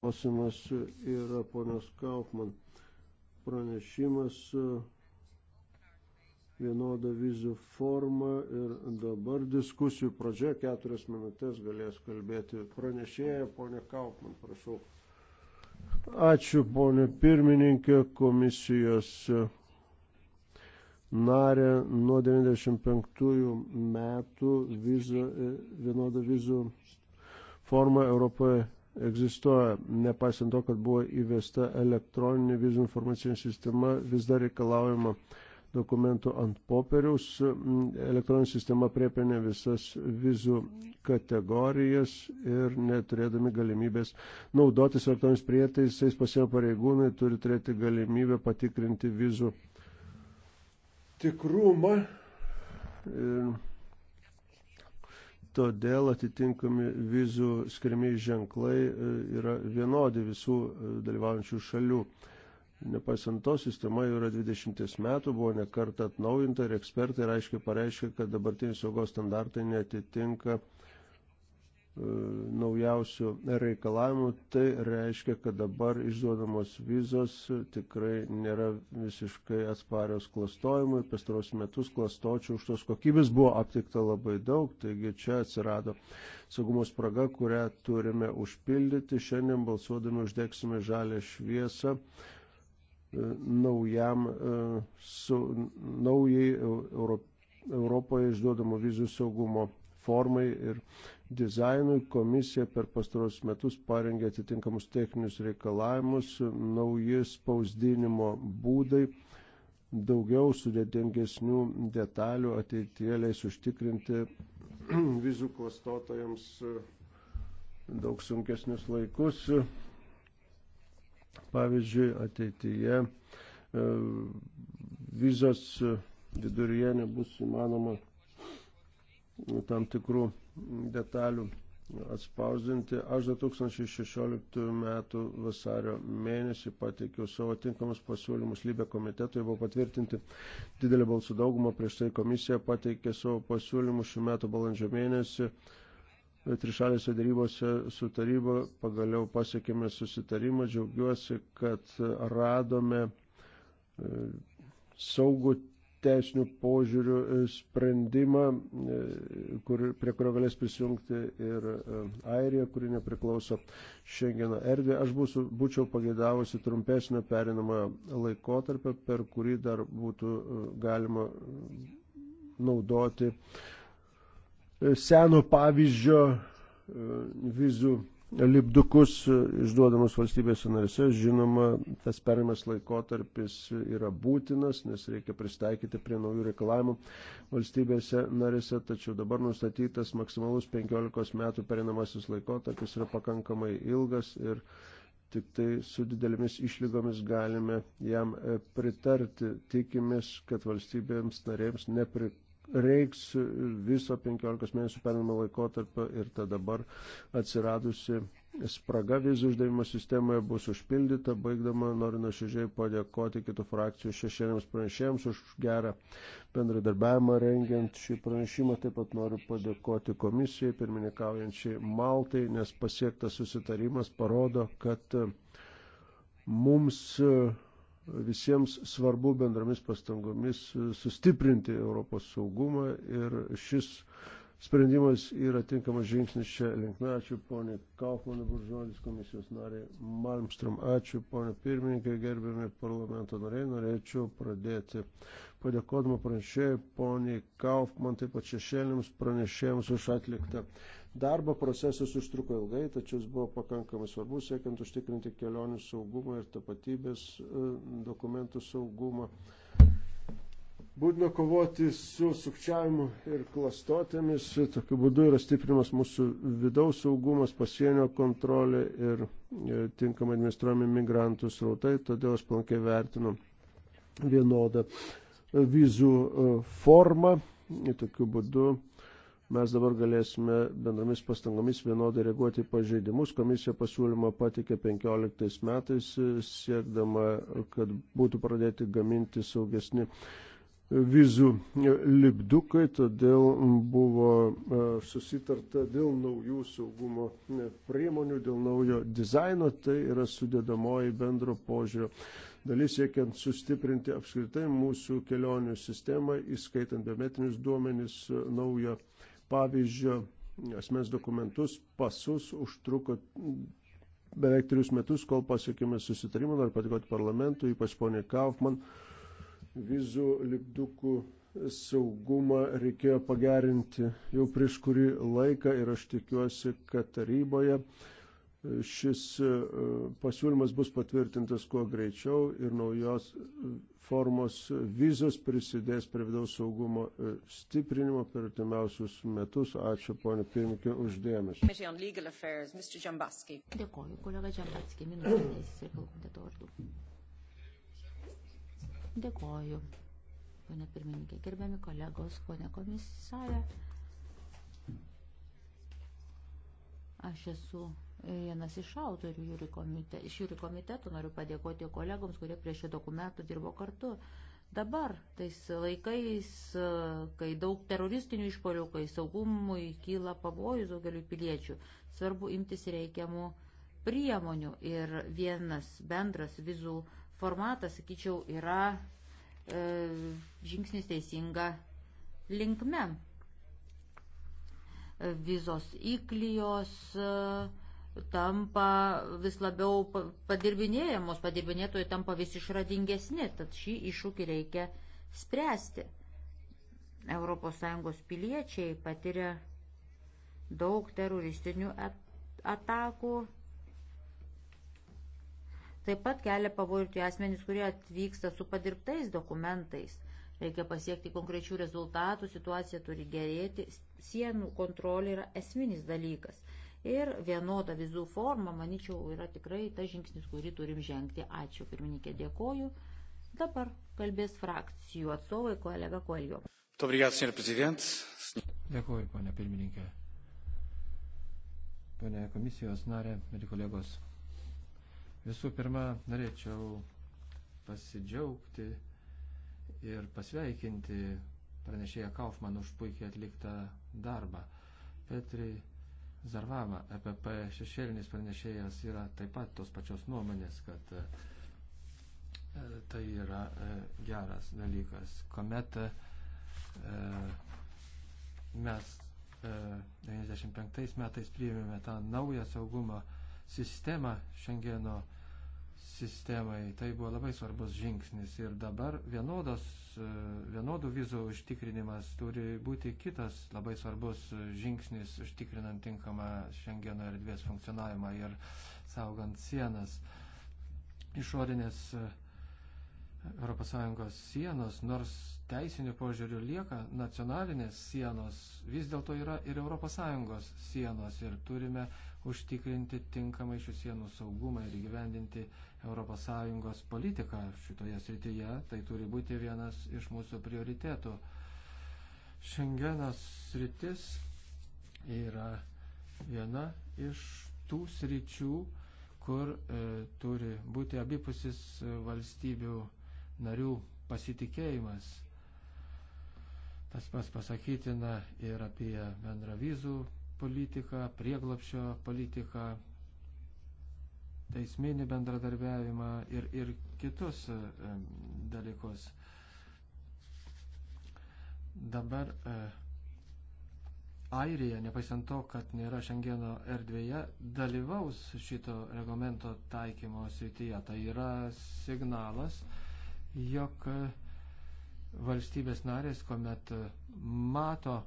Klausimas yra ponios Kaufman. Pranešimas e, vienoda vizų forma ir dabar diskusijų pradžia keturias minutės galės kalbėti pranešėja ponė Kaufman, prašau. Ačiū ponė pirmininkė komisijos e, narė nuo 95 metų vizų, e, vienoda vizų forma Europoje egzistuoja. Nepaisant to, kad buvo įvesta elektroninė vizų informacinė sistema, vis dar reikalaujama dokumentų ant popieriaus. Elektroninė sistema priepinė visas vizų kategorijas ir neturėdami galimybės naudotis elektroniniais prietaisais, pasienio pareigūnai turi turėti galimybę patikrinti vizų tikrumą. Ir todėl atitinkami vizų skirmi ženklai e, yra vienodi visų e, dalyvaujančių šalių. Nepaisant to, sistema jau yra 20 metų, buvo nekartą atnaujinta ir ekspertai aiškiai pareiškia, kad dabartiniai saugos standartai netitinka uh, E, naujausių reikalavimų, tai reiškia, kad dabar išduodamos vizos tikrai nėra visiškai atsparios klastojimui. Pastaros metus klastočių už tos kokybės buvo aptikta labai daug, taigi čia atsirado saugumo spraga, kurią turime užpildyti. Šiandien balsuodami uždegsime žalę šviesą e, naujam, e, su, naujai Europoje išduodamo vizų saugumo formai ir dizainui komisija per pastarosius metus parengė atitinkamus techninius reikalavimus, nauji spausdinimo būdai, daugiau sudėtingesnių detalių ateityje leis užtikrinti vizų klastotojams e, daug sunkesnius laikus. Pavyzdžiui, ateityje e, vizos e, viduryje nebus įmanoma tam tikrų detalių atspausdinti. Aš 2016 m. vasario mėnesį pateikiau savo tinkamus pasiūlymus Lybė komitetui, buvo patvirtinti didelį balsų daugumą, prieš tai komisija pateikė savo pasiūlymus šių metų balandžio mėnesį. Trišalėse darybose su taryba pagaliau pasiekėme susitarimą, džiaugiuosi, kad radome e, saugų teisinių požiūrių e, sprendimą, e, kur, prie kurio galės prisijungti ir e, Airija, kuri nepriklauso Schengeno erdvė. Aš būsiu, būčiau pagėdavusi trumpesnio perinamojo laikotarpio, per kurį dar būtų galima naudoti seno pavyzdžio vizų lipdukus išduodamus valstybės narėse. Žinoma, tas perimas laikotarpis yra būtinas, nes reikia pristaikyti prie naujų reikalavimų valstybėse narėse, tačiau dabar nustatytas maksimalus 15 metų perinamasis laikotarpis yra pakankamai ilgas ir tik tai su didelėmis išlygomis galime jam e, pritarti. Tikimės, kad valstybėms narėms nepriklauso reiks viso 15 mėnesių perinamo laikotarpio ir ta dabar atsiradusi spraga vizų uždavimo sistemoje bus užpildyta. Baigdama noriu nuoširdžiai padėkoti kitų frakcijų šešėliams pranešėjams už gerą bendradarbiavimą rengiant šį pranešimą. Taip pat noriu padėkoti komisijai, pirmininkaujančiai Maltai, nes pasiektas susitarimas parodo, kad mums uh, visiems svarbu bendromis pastangomis sustiprinti Europos saugumą ir šis sprendimas yra tinkamas žingsnis čia linkme. Ačiū ponė Kaufmanų buržuodis komisijos narė Malmstrom. Ačiū ponė pirmininkai, gerbiami parlamento nariai. Norėčiau pradėti padėkodama pranešėjai ponė Kaufman, taip pat šešėlėms pranešėjams už atliktą Darbo procesas užtruko ilgai, tačiau jis buvo pakankamai svarbus, siekiant užtikrinti kelionių saugumą ir tapatybės e, dokumentų saugumą. Būtina kovoti su sukčiavimu ir klastotėmis, tokiu būdu yra stiprinamas mūsų vidaus saugumas, pasienio kontrolė ir e, tinkamai administruojami migrantų srautai, todėl aš plankiai vertinu vienodą e, vizų formą, tokiu būdu mes dabar galėsime bendromis pastangomis vienodai reaguoti pažeidimus. Komisija pasiūlymą patikė 15 metais, siekdama, kad būtų pradėti gaminti saugesni vizų lipdukai, todėl buvo e, susitarta dėl naujų saugumo e, priemonių, dėl naujo dizaino, tai yra sudėdamoji bendro požiūrio dalis siekiant sustiprinti apskritai mūsų kelionių sistemą, įskaitant biometrinius duomenis, e, naujo pavyzdžio asmens dokumentus, pasus užtruko beveik trijus metus, kol pasiekėme susitarimą, noriu patikoti parlamentui, ypač ponė Kaufman, vizų lipdukų saugumą reikėjo pagerinti jau prieš kurį laiką ir aš tikiuosi, kad taryboje šis e, pasiūlymas bus patvirtintas kuo greičiau ir naujos formos vizos prisidės prie vidaus saugumo e, stiprinimo per artimiausius metus. Ačiū, ponė pirmininkė, uždėmesį. Dėkoju, kolega Džambatski, minutė teisės reikalų komiteto vardu. Dėkoju, ponė pirmininkė, gerbiami kolegos, ponė komisarė. Aš esu vienas iš autorių jūri komite, iš jūrių komiteto. Noriu padėkoti kolegoms, kurie prie šio dokumento dirbo kartu. Dabar, tais laikais, kai daug teroristinių išpolių, kai saugumui kyla pavojus daugeliu piliečių, svarbu imtis reikiamų priemonių. Ir vienas bendras vizų formatas, sakyčiau, yra e, žingsnis teisinga linkme vizos įklijos e, tampa vis labiau padirbinėjamos, padirbinėtojai tampa vis išradingesni, tad šį iššūkį reikia spręsti. ES piliečiai patiria daug teroristinių atakų. Taip pat kelia pavojų tie asmenys, kurie atvyksta su padirbtais dokumentais. Reikia pasiekti konkrečių rezultatų, situacija turi gerėti, sienų kontrolė yra esminis dalykas. Ir vienoda vizų forma, manyčiau, yra tikrai tas žingsnis, kurį turim žengti. Ačiū, pirmininkė, dėkoju. Dabar kalbės frakcijų atstovai, kolega Koljo. Dėkuoju, ponia pirmininkė. Pone komisijos narė, mėly kolegos. Visų pirma, norėčiau pasidžiaugti ir pasveikinti pranešėją Kaufman už puikiai atliktą darbą. Petri Zarvava, EPP šešėlinis pranešėjas, yra taip pat tos pačios nuomonės, kad e, tai yra e, geras dalykas. Komet e, mes 95 metais priėmėme tą naują saugumo sistemą Šengeno sistemai. Tai buvo labai svarbus žingsnis ir dabar vienodos, e, vienodų vizų užtikrinimas turi būti kitas labai svarbus žingsnis užtikrinant tinkamą Šengeno erdvės funkcionavimą ir saugant sienas. Išorinės ES sienos, nors teisinių požiūrių lieka nacionalinės sienos, vis dėlto yra ir ES sienos ir turime užtikrinti tinkamai šių sienų saugumą ir gyvendinti ES politiką šitoje srityje. Tai turi būti vienas iš mūsų prioritėtų. Šengenas sritis yra viena iš tų sričių, kur e, turi būti abipusis e, valstybių narių pasitikėjimas. Tas pas pasakytina ir apie bendravizų politiką, prieglapšio politiką, teisminį bendradarbiavimą ir, ir kitus e, dalykus. Dabar e, Airija, nepaisant to, kad nėra Šengeno erdvėje, dalyvaus šito reglamento taikymo srityje. Tai yra signalas, jog e, valstybės narės, kuomet mato,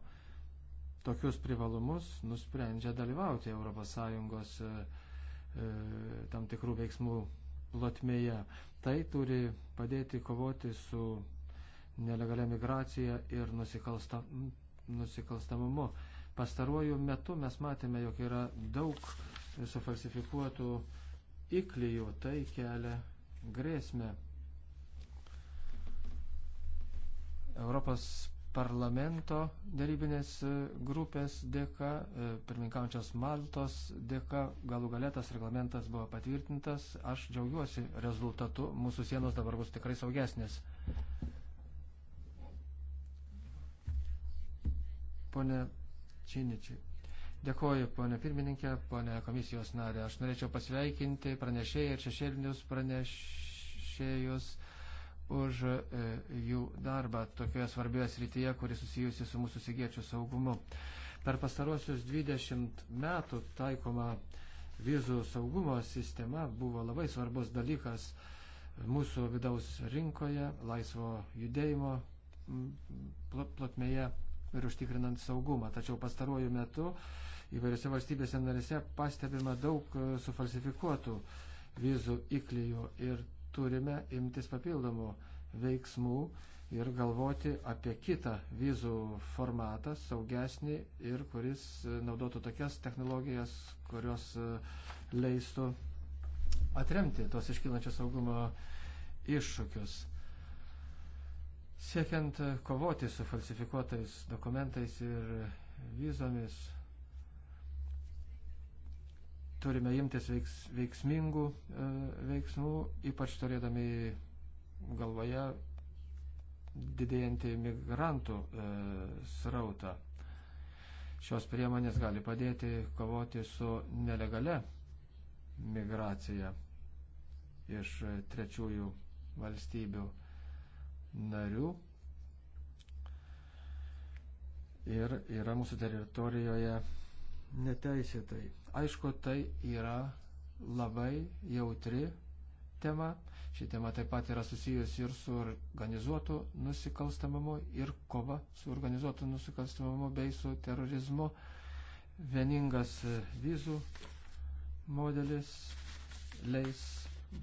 tokius privalumus nusprendžia dalyvauti ES e, e, tam tikrų veiksmų plotmėje. Tai turi padėti kovoti su nelegalia migracija ir nusikalsta, nusikalstamumu. Pastaruoju metu mes matėme, jog yra daug sufalsifikuotų įklyjų, tai kelia grėsmę. Europos parlamento darybinės e, grupės dėka, e, pirmininkaujančios Maltos dėka, galų galėtas reglamentas buvo patvirtintas. Aš džiaugiuosi rezultatu, mūsų sienos dabar bus tikrai saugesnės. Pone Činičiai. Dėkuoju, ponė pirmininkė, ponė komisijos narė. Aš norėčiau pasveikinti pranešėjai ir šešėlinius pranešėjus už e, jų darbą tokioje svarbioje srityje, kuri susijusi su mūsų sigiečių saugumu. Per pastarosius 20 metų taikoma vizų saugumo sistema buvo labai svarbus dalykas mūsų vidaus rinkoje, laisvo judėjimo plotmėje ir užtikrinant saugumą. Tačiau pastaruoju metu įvairiose valstybėse narėse pastebima daug e, sufalsifikuotų vizų įklyjų ir turime imtis papildomų veiksmų ir galvoti apie kitą vizų formatą, saugesnį ir kuris naudotų tokias technologijas, kurios e, leistų atremti tos iškilančios saugumo iššūkius. Siekiant kovoti su falsifikuotais dokumentais ir vizomis, turime imtis veiks, veiksmingų e, veiksmų, ypač turėdami galvoje didėjantį migrantų e, srautą. Šios priemonės gali padėti kovoti su nelegale migracija iš trečiųjų valstybių narių. Ir yra mūsų teritorijoje neteisėtai. Aišku, tai yra labai jautri tema. Ši tema taip pat yra susijusi ir su organizuotu nusikalstamumu, ir kova su organizuotu nusikalstamumu bei su terorizmu. Vieningas vizų modelis leis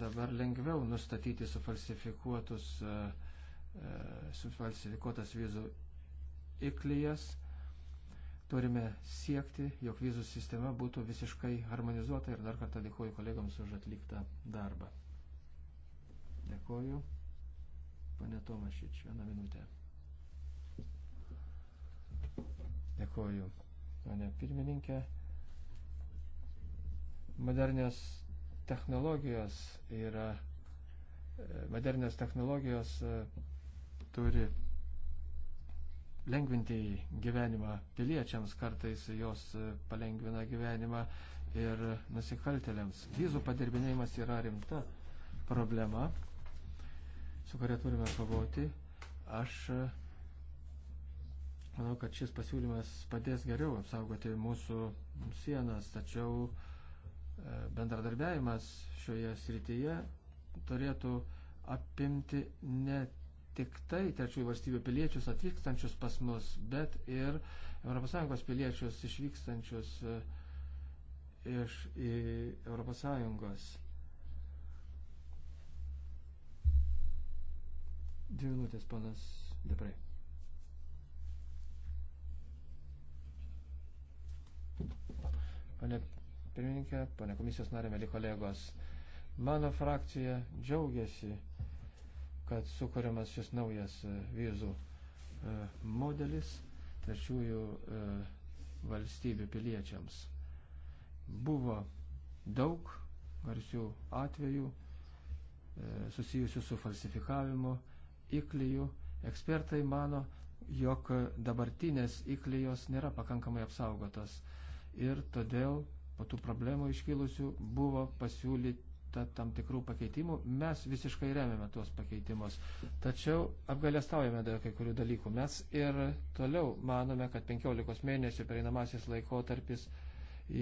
dabar lengviau nustatyti sufalsifikuotus, e, e, sufalsifikuotas vizų įklyjas. E, Turime siekti, jog vizų sistema būtų visiškai harmonizuota ir dar kartą dėkuoju kolegams už atliktą darbą. Dėkuoju. Pane Tomašič, vieną minutę. Dėkuoju, pane pirmininkė. Modernios technologijos yra, modernios technologijos e, turi lengvinti gyvenimą piliečiams, kartais jos palengvina gyvenimą ir nusikaltelėms. Vizų padirbinėjimas yra rimta problema, su kuria turime kovoti. Aš manau, kad šis pasiūlymas padės geriau apsaugoti mūsų sienas, tačiau e, bendradarbiavimas šioje srityje turėtų apimti ne tik tai trečiųjų valstybių piliečius atvykstančius pas mus, bet ir ES piliečius išvykstančius e, iš ES. Dvi minutės, panas Deprai. Pane pirmininkė, pane komisijos narė, mėly kolegos, mano frakcija džiaugiasi kad sukūriamas šis naujas e, vizų e, modelis trečiųjų e, valstybių piliečiams. Buvo daug garsių atvejų susijusių su falsifikavimu, įklyjų. Ekspertai mano, jog dabartinės įklyjos nėra pakankamai apsaugotas ir todėl po tų problemų iškilusių buvo pasiūlyti ta, tam tikrų pakeitimų, mes visiškai remiame tuos pakeitimus. Tačiau apgalėstaujame dėl kai kurių dalykų. Mes ir toliau manome, kad 15 mėnesių pereinamasis laikotarpis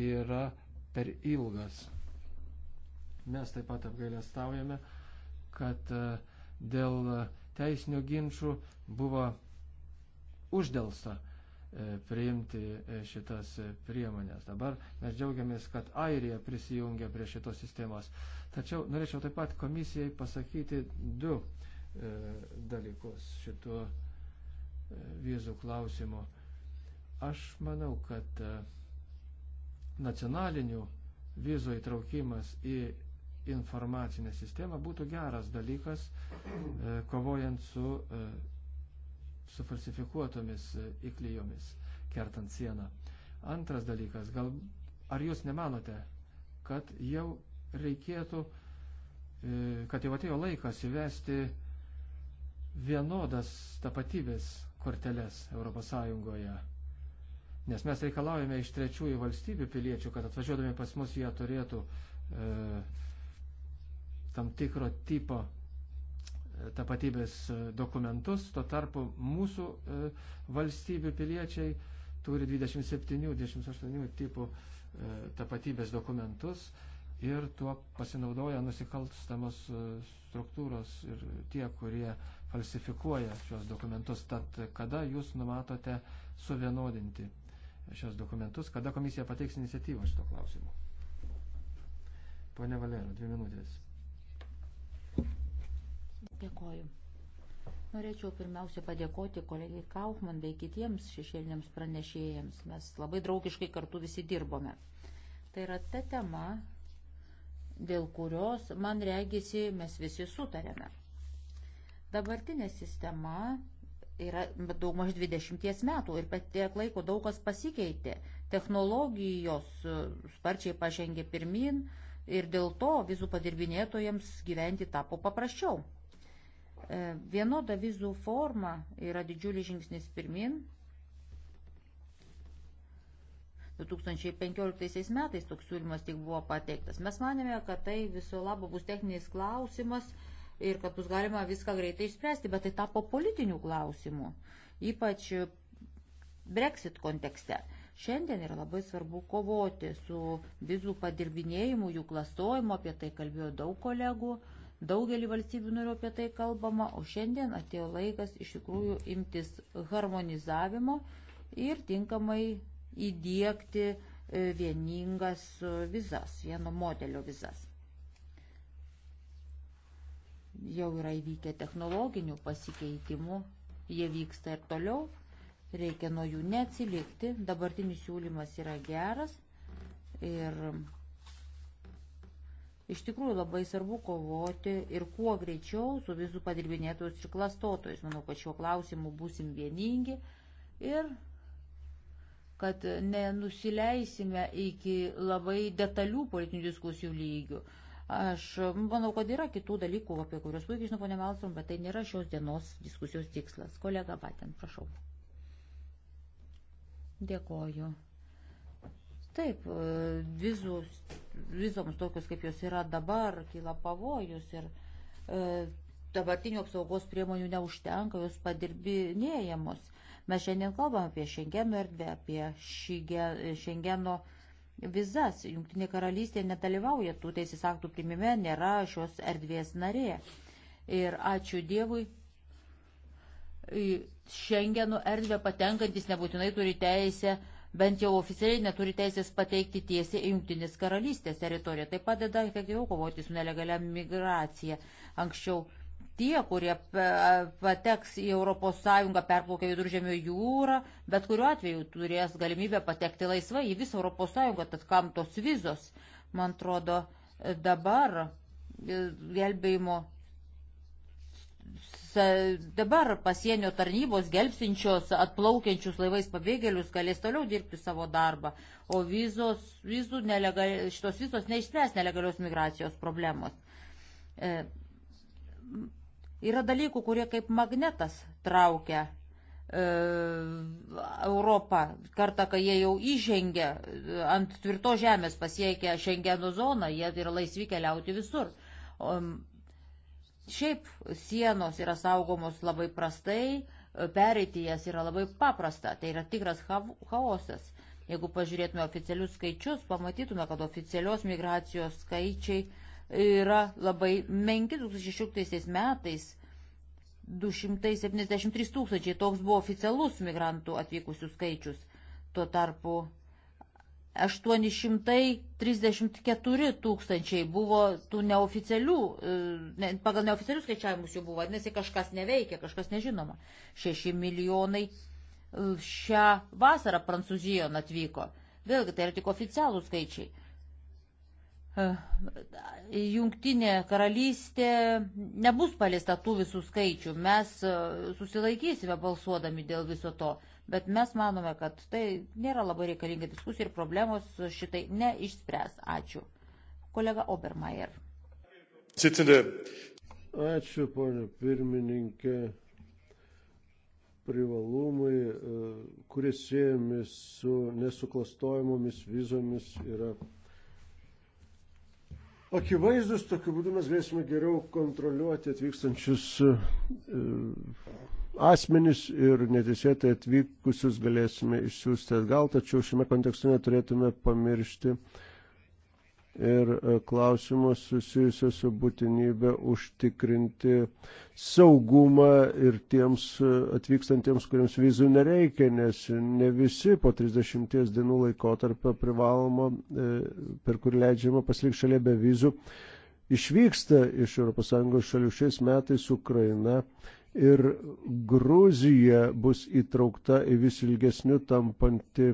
yra per ilgas. Mes taip pat apgailestaujame, kad e, dėl teisinių ginčių buvo uždelsta E, priimti e, šitas e, priemonės. Dabar mes džiaugiamės, kad Airija prisijungia prie šitos sistemos. Tačiau norėčiau taip pat komisijai pasakyti du e, dalykus šituo e, vizų klausimu. Aš manau, kad e, nacionalinių vizų įtraukimas į informacinę sistemą būtų geras dalykas, e, kovojant su e, sufalsifikuotomis įklyjomis e, kertant sieną. Antras dalykas, gal, ar jūs nemanote, kad jau reikėtų, e, kad jau atėjo laikas įvesti vienodas tapatybės korteles ES? Nes mes reikalaujame iš trečiųjų valstybių piliečių, kad atvažiuodami pas mus jie turėtų e, tam tikro tipo tapatybės dokumentus, tuo tarpu mūsų e, valstybių piliečiai turi 27-28 tipų e, tapatybės dokumentus ir tuo pasinaudoja nusikalstamos e, struktūros ir tie, kurie falsifikuoja šios dokumentus. Tad kada jūs numatote suvienodinti šios dokumentus, kada komisija pateiks iniciatyvą šito klausimu? Pone Valero, dvi minutės. Dėkoju. Norėčiau pirmiausia padėkoti kolegai Kaufman bei kitiems šešėliniams pranešėjams. Mes labai draugiškai kartu visi dirbome. Tai yra ta tema, dėl kurios, man regisi, mes visi sutarėme. Dabartinė sistema yra daugmaž 20 metų ir per tiek laiko daug kas pasikeitė. Technologijos e, sparčiai pažengė pirmin ir dėl to vizų padirbinėtojams gyventi tapo paprasčiau. E, vienoda vizų forma yra didžiulis žingsnis pirmin. 2015 metais toks siūlymas tik buvo pateiktas. Mes manėme, kad tai viso labo bus techninis klausimas ir kad bus galima viską greitai išspręsti, bet tai tapo politinių klausimų, ypač Brexit kontekste. Šiandien yra labai svarbu kovoti su vizų padirbinėjimu, jų klastojimu, apie tai kalbėjo daug kolegų. Daugelį valstybių noriu apie tai kalbama, o šiandien atėjo laikas iš tikrųjų imtis harmonizavimo ir tinkamai įdėkti e, vieningas e, vizas, vieno modelio vizas. Jau yra įvykę technologinių pasikeitimų, jie vyksta ir toliau, reikia nuo jų neatsilikti, dabartinis siūlymas yra geras ir Iš tikrųjų labai svarbu kovoti ir kuo greičiau su visų padirbinėtojus ir klastotojus. Manau, kad šiuo klausimu būsim vieningi ir kad nenusileisime iki labai detalių politinių diskusijų lygių. Aš manau, kad yra kitų dalykų, apie kuriuos puikiai žinau, ponė Malstrom, bet tai nėra šios dienos diskusijos tikslas. Kolega Baten, prašau. Dėkoju. Taip, vizų vizoms tokios, kaip jos yra dabar, kyla pavojus ir e, dabartinių apsaugos priemonių neužtenka, jos padirbinėjamos. Mes šiandien kalbam apie Šengeno erdvę, apie Šengeno vizas. Junktinė karalystė nedalyvauja tų teisės aktų primime, nėra šios erdvės narė. Ir ačiū Dievui, Šengeno erdvę patenkantis nebūtinai turi teisę bent jau oficialiai neturi teisės pateikti tiesiai į Junktinės karalystės teritoriją. Tai padeda efektyviau kovoti su nelegalia migracija. Anksčiau tie, kurie pateks į ES, perplaukia viduržėmio jūrą, bet kuriuo atveju turės galimybę patekti laisvai į visą ES, tad kam tos vizos, man atrodo, dabar e, gelbėjimo dabar pasienio tarnybos gelbsinčios atplaukiančius laivais pabėgėlius galės toliau dirbti savo darbą, o vizos, vizų nelegal, šitos vizos neišspręs nelegalios migracijos problemos. E, yra dalykų, kurie kaip magnetas traukia e, Europą, kartą, kai jie jau įžengia e, ant tvirto žemės pasiekia Šengeno zoną, jie yra laisvi keliauti visur. Šiaip sienos yra saugomos labai prastai, pereiti jas yra labai paprasta, tai yra tikras chaosas. Jeigu pažiūrėtume oficialius skaičius, pamatytume, kad oficialios migracijos skaičiai yra labai menki 2016 metais. 273 tūkstančiai toks buvo oficialus migrantų atvykusių skaičius. Tuo tarpu 834 tūkstančiai buvo tų neoficialių, e, ne, pagal neoficialius skaičiavimus jų buvo, nes kažkas neveikia, kažkas nežinoma. 6 milijonai e, šią vasarą Prancūzijon atvyko. Vėlgi, tai yra tik oficialų skaičiai. E, jungtinė karalystė nebus paliesta tų visų skaičių. Mes susilaikysime balsuodami dėl viso to bet mes manome, kad tai nėra labai reikalinga diskusija ir problemos šitai neišspręs. Ačiū. Kolega Obermeier. Ačiū, ponė pirmininkė. Privalumai, e, kurie siejami su nesuklastojamomis vizomis, yra akivaizdus, tokiu būdu mes galėsime geriau kontroliuoti atvykstančius e, asmenis ir neteisėtai atvykusius galėsime išsiųsti atgal, tačiau šiame kontekste neturėtume pamiršti ir e, klausimus susijusios su būtinybė užtikrinti saugumą ir tiems e, atvykstantiems, kuriems vizų nereikia, nes ne visi po 30 dienų laikotarpio privaloma, e, per kurį leidžiama pasilikti šalia be vizų, išvyksta iš ES šalių šiais metais Ukraina. Ir Gruzija bus įtraukta į vis ilgesnių tampantį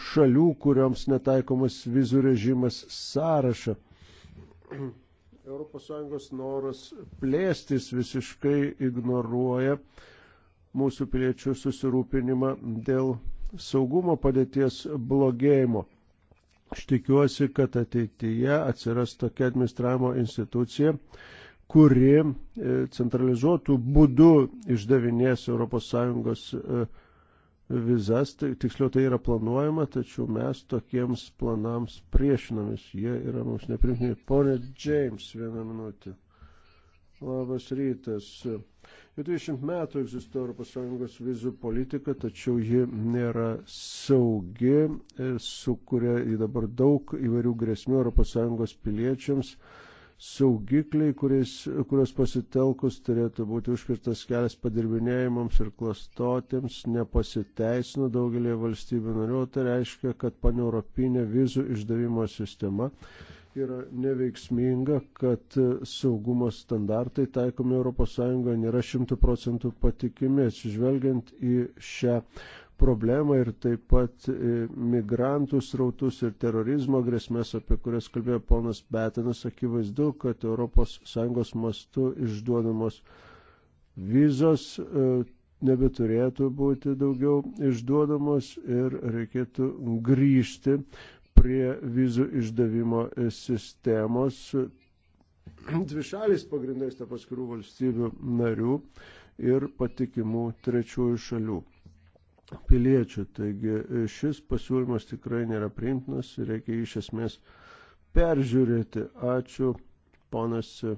šalių, kuriams netaikomas vizų režimas sąrašą. ES noras plėstis visiškai ignoruoja mūsų piliečių susirūpinimą dėl saugumo padėties blogėjimo. Aš tikiuosi, kad ateityje atsiras tokia administravimo institucija, kuri e, centralizuotų būdų išdavinės ES vizas, tai, tiksliau tai yra planuojama, tačiau mes tokiems planams priešinamės, jie yra mums neprimtini. Pone James, vieną minutę. Labas rytas. Jau 20 metų egzistuoja ES vizų politika, tačiau ji nėra saugi, e, sukuria į dabar daug įvairių grėsmių ES piliečiams saugikliai, kuriais, kurios pasitelkus turėtų būti užkirtas kelias padirbinėjimams ir klastotėms, nepasiteisino daugelį valstybių narių. Tai reiškia, kad paneuropinė vizų išdavimo sistema yra neveiksminga, kad saugumo standartai taikomi ES nėra šimtų procentų patikimi. Atsižvelgiant į šią problemą ir taip pat e, migrantų srautus ir terorizmo grėsmės, apie kurias kalbėjo ponas Betinas, akivaizdu, kad ES mastu išduodamos vizos e, nebeturėtų būti daugiau išduodamos ir reikėtų grįžti prie vizų išdavimo sistemos dvišaliais pagrindais tarp atskirų valstybių narių ir patikimų trečiųjų šalių piliečių. Taigi e, šis pasiūlymas tikrai nėra priimtinas ir reikia iš esmės peržiūrėti. Ačiū, ponas. E,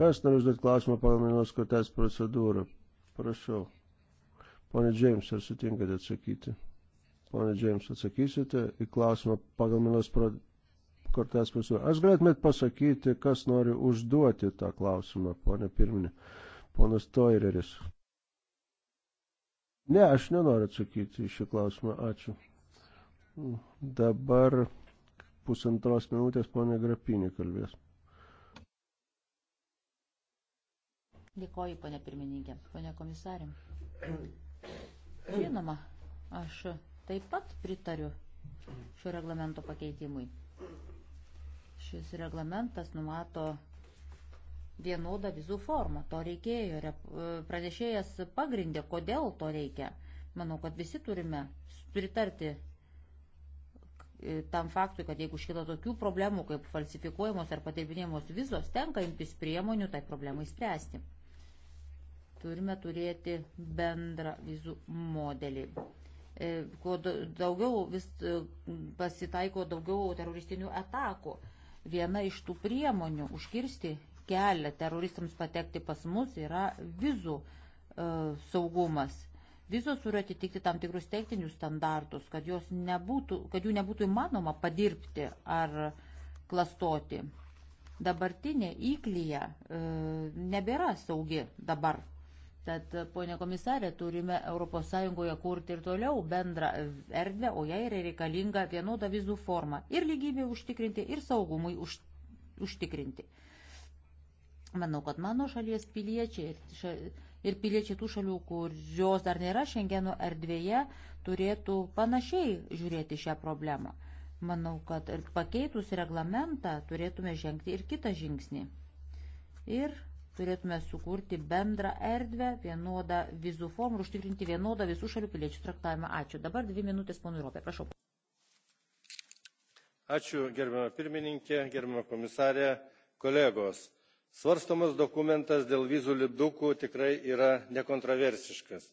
Kas nori užduoti klausimą pagal minos kortės procedūrą? Prašau. Pone Džeims, ar sutinkate atsakyti? Pone Džeims, atsakysite į klausimą pagal Minos kortelės pasiūlymą. Aš galėtumėt pasakyti, kas nori užduoti tą klausimą, ponė pirminė. Ponas Toireris. Ne, aš nenoriu atsakyti į šį klausimą. Ačiū. Dabar pusantros minutės ponė Grapinė kalbės. Dėkoju, ponė pirmininkė, ponė komisarė. Žinoma, aš taip pat pritariu šio reglamento pakeitimui. Šis reglamentas numato vienodą vizų formą. To reikėjo. E, pranešėjas pagrindė, kodėl to reikia. Manau, kad visi turime pritarti e, tam faktui, kad jeigu iškyla tokių problemų, kaip falsifikuojamos ar padirbinėjamos vizos, tenka imtis priemonių tai problemai spręsti. Turime turėti bendrą vizų modelį. E, kuo daugiau vis e, pasitaiko daugiau teroristinių atakų. Viena iš tų priemonių užkirsti kelią teroristams patekti pas mus yra vizų e, saugumas. Vizos turi atitikti tam tikrus techninius standartus, kad, nebūtų, kad jų nebūtų įmanoma padirbti ar klastoti. Dabartinė įklyje e, nebėra saugi dabar Tad, ponė komisarė, turime ES kurti ir toliau bendrą erdvę, o jai yra reikalinga vienoda vizų forma ir lygybė užtikrinti, ir saugumui už, užtikrinti. Manau, kad mano šalies piliečiai ir, ir piliečiai tų šalių, kurios dar nėra šengeno erdvėje, turėtų panašiai žiūrėti šią problemą. Manau, kad ir pakeitus reglamentą turėtume žengti ir kitą žingsnį. Ir turėtume sukurti bendrą erdvę, vienodą vizų formą ir užtikrinti vienodą visų šalių piliečių traktavimą. Ačiū. Dabar dvi minutės ponui Ropė. Prašau. Ačiū gerbiamą pirmininkę, gerbiamą komisarę, kolegos. Svarstomas dokumentas dėl vizų libdukų tikrai yra nekontroversiškas.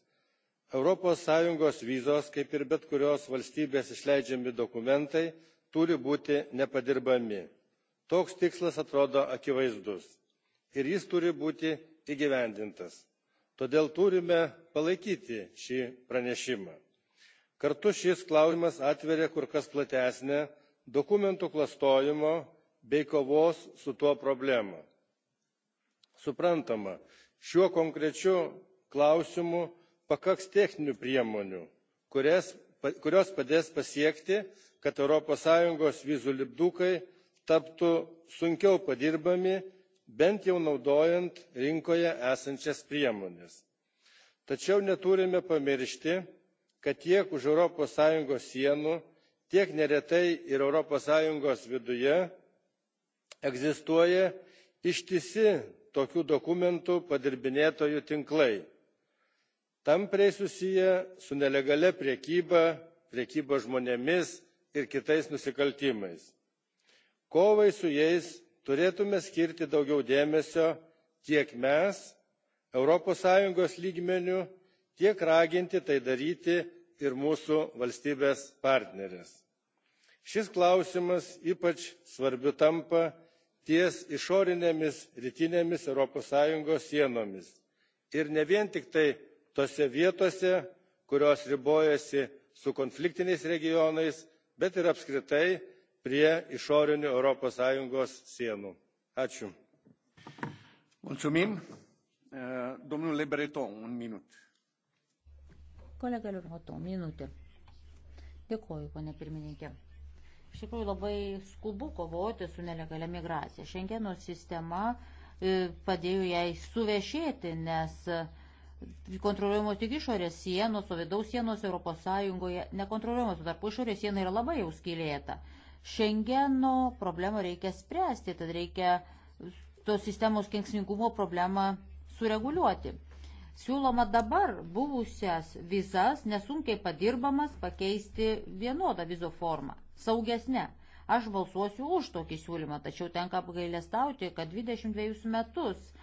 Europos Sąjungos vizos, kaip ir bet kurios valstybės išleidžiami dokumentai, turi būti nepadirbami. Toks tikslas atrodo akivaizdus ir jis turi būti įgyvendintas todėl turime palaikyti šį pranešimą. kartu šis klausimas atveria kur kas platesnę dokumentų klastojimo bei kovos su tuo problemą. suprantama šiuo konkrečiu klausimu pakaks techninių priemonių kurios padės pasiekti kad europos sąjungos vizų lipdukai taptų sunkiau padirbami bent jau naudojant rinkoje esančias priemones. tačiau neturime pamiršti kad tiek už europos sąjungos sienų tiek neretai ir europos sąjungos viduje egzistuoja ištisi tokių dokumentų padirbinėtojų tinklai tampriai susiję su nelegalia prekyba prekyba žmonėmis ir kitais nusikaltimais. kovai su jais turėtume skirti daugiau dėmesio tiek mes europos sąjungos lygmeniu tiek raginti tai daryti ir mūsų valstybes partneres. šis klausimas ypač svarbiu tampa ties išorinėmis rytinėmis europos sąjungos sienomis ir ne vien tik tai tose vietose kurios ribojasi su konfliktiniais regionais bet ir apskritai prie išorinių europos sąjungos sienų. ačiū. Mulțumim. E, Domnule Breton, un minut. Kolega Liurmato, minutė. Dėkoju, ponė pirmininkė. Iš tikrųjų labai skubu kovoti su nelegalia migracija. Šengeno sistema e, padėjo jai suvešėti, nes e, kontroliuojamos tik išorės sienos, o vidaus sienos ES nekontroliuojamos. Tarpu išorės siena yra labai jau skilėta. Šengeno problemą reikia spręsti, tad reikia tos sistemos kengsmingumo problemą sureguliuoti. Siūloma dabar buvusias vizas nesunkiai padirbamas pakeisti vienodą vizo formą, saugesnę. Aš balsuosiu už tokį siūlymą, tačiau tenka apgailestauti, kad 22 metus e,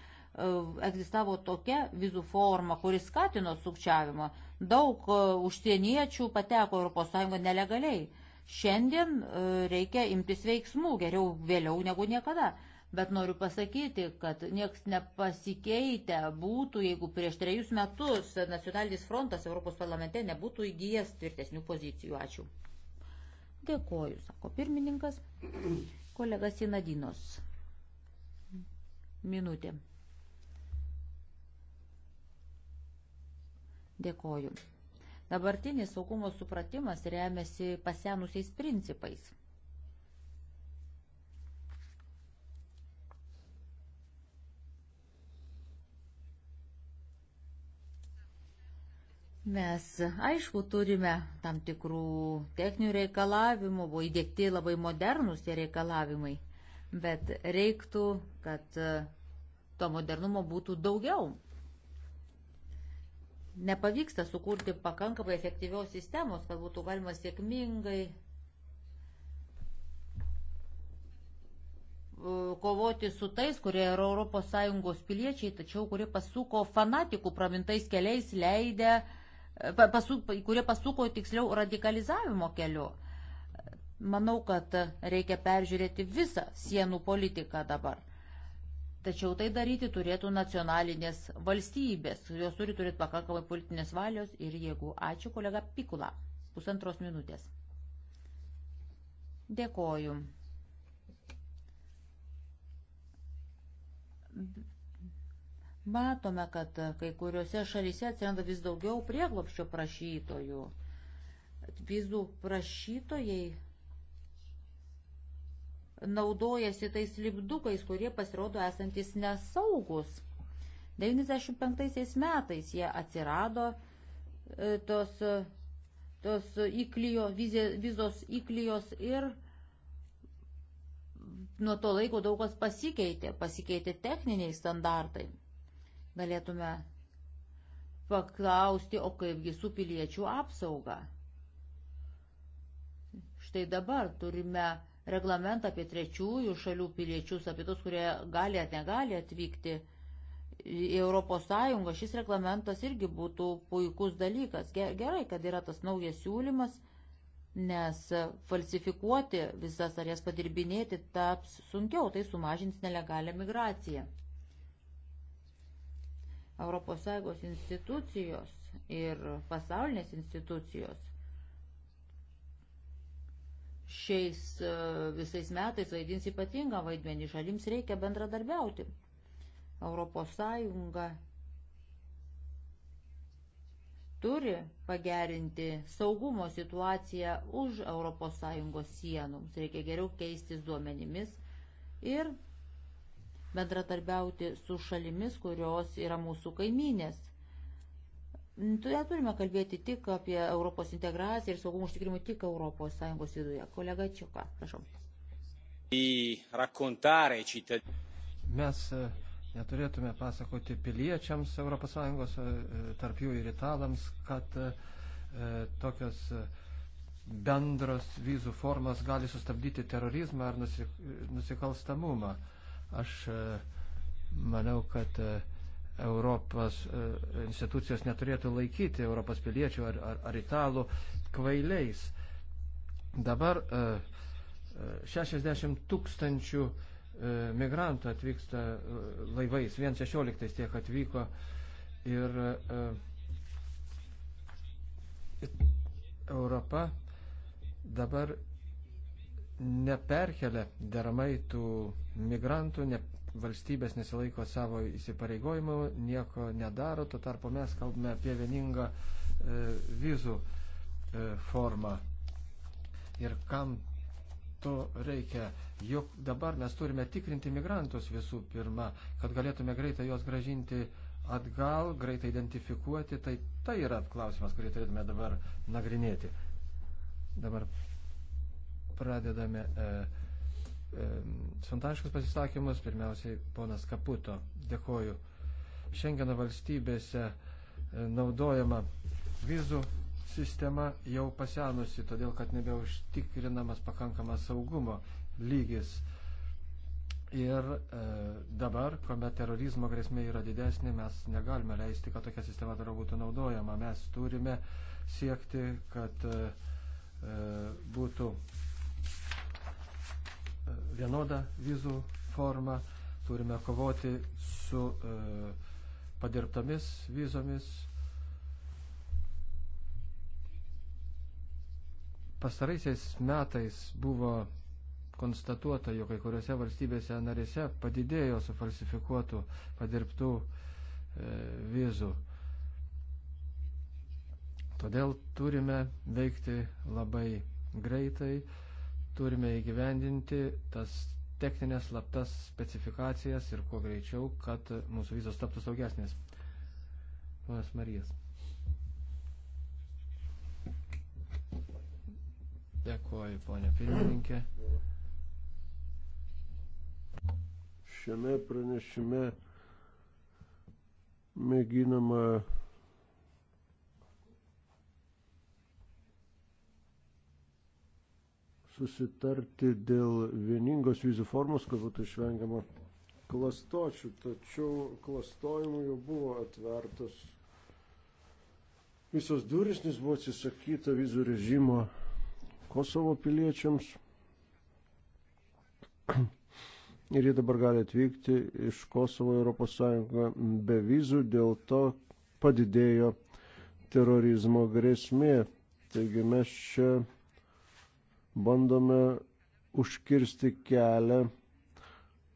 egzistavo tokia vizų forma, kuris skatino sukčiavimą. Daug e, užsieniečių pateko ES nelegaliai. Šiandien e, reikia imtis veiksmų, geriau vėliau negu niekada. Bet noriu pasakyti, kad nieks nepasikeitę būtų, jeigu prieš trejus metus Nacionalinis frontas Europos parlamente nebūtų įgyjęs tvirtesnių pozicijų. Ačiū. Dėkoju, sako pirmininkas. Kolega Sinadinos. Minutė. Dėkoju. Dabartinis saugumo supratimas remiasi pasenusiais principais. Mes, aišku, turime tam tikrų techninių reikalavimų, buvo įdėkti labai modernus tie reikalavimai, bet reiktų, kad to modernumo būtų daugiau nepavyksta sukurti pakankamai efektyvios sistemos, kad būtų galima sėkmingai e, kovoti su tais, kurie yra ES piliečiai, tačiau kurie pasuko fanatikų pramintais keliais, leidę, e, pasu, kurie pasuko tiksliau radikalizavimo keliu. Manau, kad reikia peržiūrėti visą sienų politiką dabar. Tačiau tai daryti turėtų nacionalinės valstybės, jos turi turėti pakankamai politinės valios ir jėgų. Ačiū kolega Pikula. Pusantros minutės. Dėkoju. Matome, kad kai kuriuose šalyse atsiranda vis daugiau prieglopščio prašytojų. Vizų prašytojai naudojasi tais lipdukais, kurie pasirodo esantis nesaugus. 95 metais jie atsirado e, tos, e, tos įklijo, vizos įklijos ir nuo to laiko daug kas pasikeitė, pasikeitė techniniai standartai. Galėtume paklausti, o kaipgi su piliečių apsauga. Štai dabar turime reglamentą apie trečiųjų šalių piliečius, apie tos, kurie gali ar negali atvykti į Europos Sąjungą, šis reglamentas irgi būtų puikus dalykas. Gerai, kad yra tas naujas siūlymas, nes falsifikuoti visas ar jas padirbinėti taps sunkiau, tai sumažins nelegalią migraciją. Europos Sąjungos institucijos ir pasaulinės institucijos šiais e, visais metais vaidins ypatingą vaidmenį. Šalims reikia bendradarbiauti. Europos Sąjunga turi pagerinti saugumo situaciją už Europos Sąjungos sienų. Mums reikia geriau keistis duomenimis ir bendradarbiauti su šalimis, kurios yra mūsų kaiminės. Todėl turime kalbėti tik apie Europos integraciją ir saugumų užtikrimą tik Europos Sąjungos viduje. Kolega Čiuka, prašau. Mes e, neturėtume pasakoti piliečiams Europos Sąjungos, e, tarp jų ir italams, kad e, tokios bendros vizų formas gali sustabdyti terorizmą ar nusikalstamumą. Aš manau, kad Europos e, institucijos neturėtų laikyti Europos piliečių ar, ar, ar italų kvailiais. Dabar 60 e, e, tūkstančių migrantų atvyksta laivais, vien 16 tiek atvyko ir Europa dabar neperkelia deramai tų migrantų, ne, valstybės nesilaiko savo įsipareigojimų, nieko nedaro, tuo tarpu mes kalbame apie vieningą e, vizų e, formą. Ir kam to reikia? Juk dabar mes turime tikrinti migrantus visų pirma, kad galėtume greitai juos gražinti atgal, greitai identifikuoti. Tai tai yra klausimas, kurį turėtume dabar nagrinėti. Dabar pradedame. E, Santaškus pasisakymus, pirmiausiai ponas Kaputo, dėkoju. Šengeno valstybėse e, naudojama vizų sistema jau pasenusi, todėl kad nebeužtikrinamas pakankamas saugumo lygis. Ir e, dabar, kuomet terorizmo grėsmė yra didesnė, mes negalime leisti, kad tokia sistema dar būtų naudojama. Mes turime siekti, kad e, e būtų vienodą vizų formą, turime kovoti su e, padirbtomis vizomis. Pastaraisiais metais buvo konstatuota, jog kai kuriuose valstybėse narėse padidėjo sufalsifikuotų padirbtų e, vizų. Todėl turime veikti labai greitai turime įgyvendinti tas techninės slaptas specifikacijas ir kuo greičiau, kad mūsų vizos taptų saugesnės. Ponas Marijas. Dėkuoju, ponė pirmininkė. Šiame pranešime mėginama susitarti dėl vieningos vizų formos, kad būtų išvengiama klastočių, tačiau klastojimui jau buvo atvertas visos durys, nes buvo atsisakyta vizų režimo Kosovo piliečiams. Ir jie dabar gali atvykti iš Kosovo Europos Sąjungą be vizų, dėl to padidėjo terorizmo grėsmė. Taigi mes čia bandome užkirsti kelią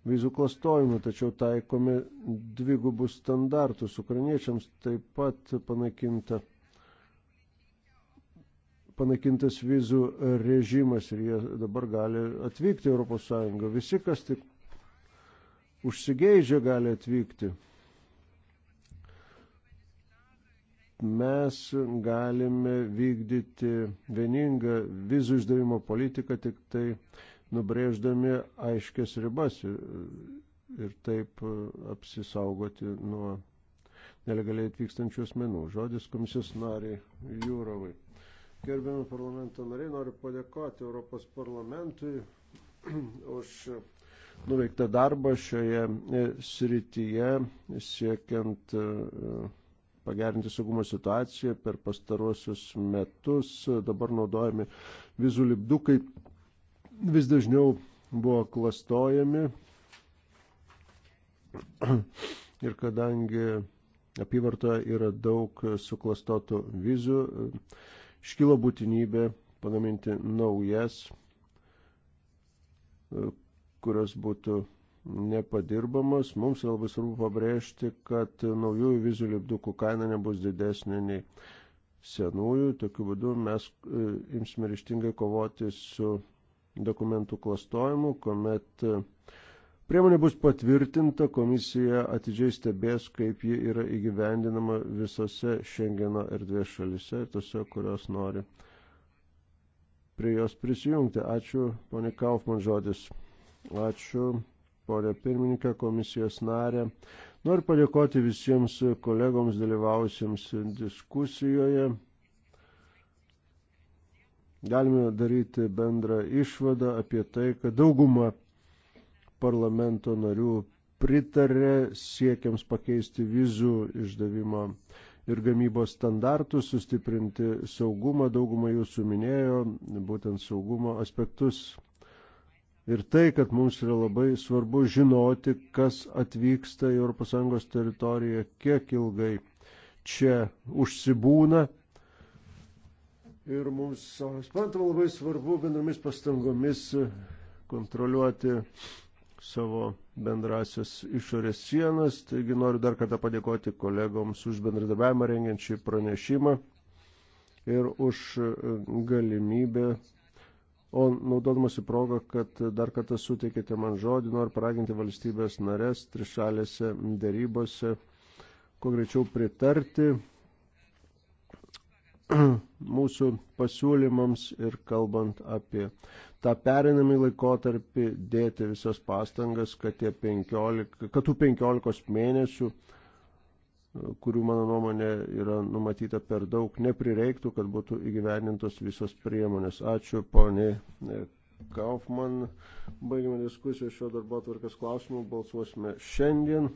vizų klastojimui, tačiau taikome dvigubus standartus. Ukrainiečiams taip pat panaikinta, panaikintas vizų režimas ir jie dabar gali atvykti ES. Visi, kas tik užsigeidžia, gali atvykti. mes galime vykdyti vieningą vizų išdavimo politiką tik tai nubrėždami aiškias ribas ir, ir taip apsisaugoti nuo nelegaliai atvykstančių asmenų. Žodis komisijos nariai Jūrovai. Gerbiami parlamento nariai, noriu padėkoti Europos parlamentui už nuveiktą darbą šioje srityje, siekiant e, pagerinti saugumo situaciją. Per pastaruosius metus dabar naudojami vizų lipdukai vis dažniau buvo klastojami. Ir kadangi apyvartoje yra daug suklastotų vizų, iškilo būtinybė pagaminti naujas, kurios būtų nepadirbamas. Mums labai svarbu pabrėžti, kad naujųjų vizų lipdukų kaina nebus didesnė nei senųjų. Tokiu būdu mes e, imsime ryštingai kovoti su dokumentų klastojimu, kuomet e, priemonė bus patvirtinta, komisija atidžiai stebės, kaip ji yra įgyvendinama visose Šengeno erdvės šalise ir tose, kurios nori prie jos prisijungti. Ačiū, ponė Kaufman žodis. Ačiū ponė pirmininkė, komisijos narė. Noriu padėkoti visiems kolegoms dalyvausiems diskusijoje. Galime daryti bendrą išvadą apie tai, kad dauguma parlamento narių pritarė siekiams pakeisti vizų išdavimo ir gamybos standartus, sustiprinti saugumą, daugumą jūsų minėjo, būtent saugumo aspektus ir tai, kad mums yra labai svarbu žinoti, kas atvyksta į ES teritoriją, kiek ilgai čia užsibūna. Ir mums, suprantama, labai svarbu bendromis pastangomis kontroliuoti savo bendrasias išorės sienas. Taigi noriu dar kartą padėkoti kolegoms už bendradarbiavimą rengiant šį pranešimą ir už galimybę O naudodamasi progą, kad dar kartą suteikėte man žodį, noriu paraginti valstybės narės trišalėse dėrybose, kuo greičiau pritarti mūsų pasiūlymams ir kalbant apie tą perinamį laikotarpį, dėti visas pastangas, kad, 15, kad tų 15 mėnesių kurių mano nuomonė yra numatyta per daug, neprireiktų, kad būtų įgyvenintos visos priemonės. Ačiū poniai e, Kaufman. Baigime diskusiją šio darbo atvarkės klausimų. Balsuosime šiandien.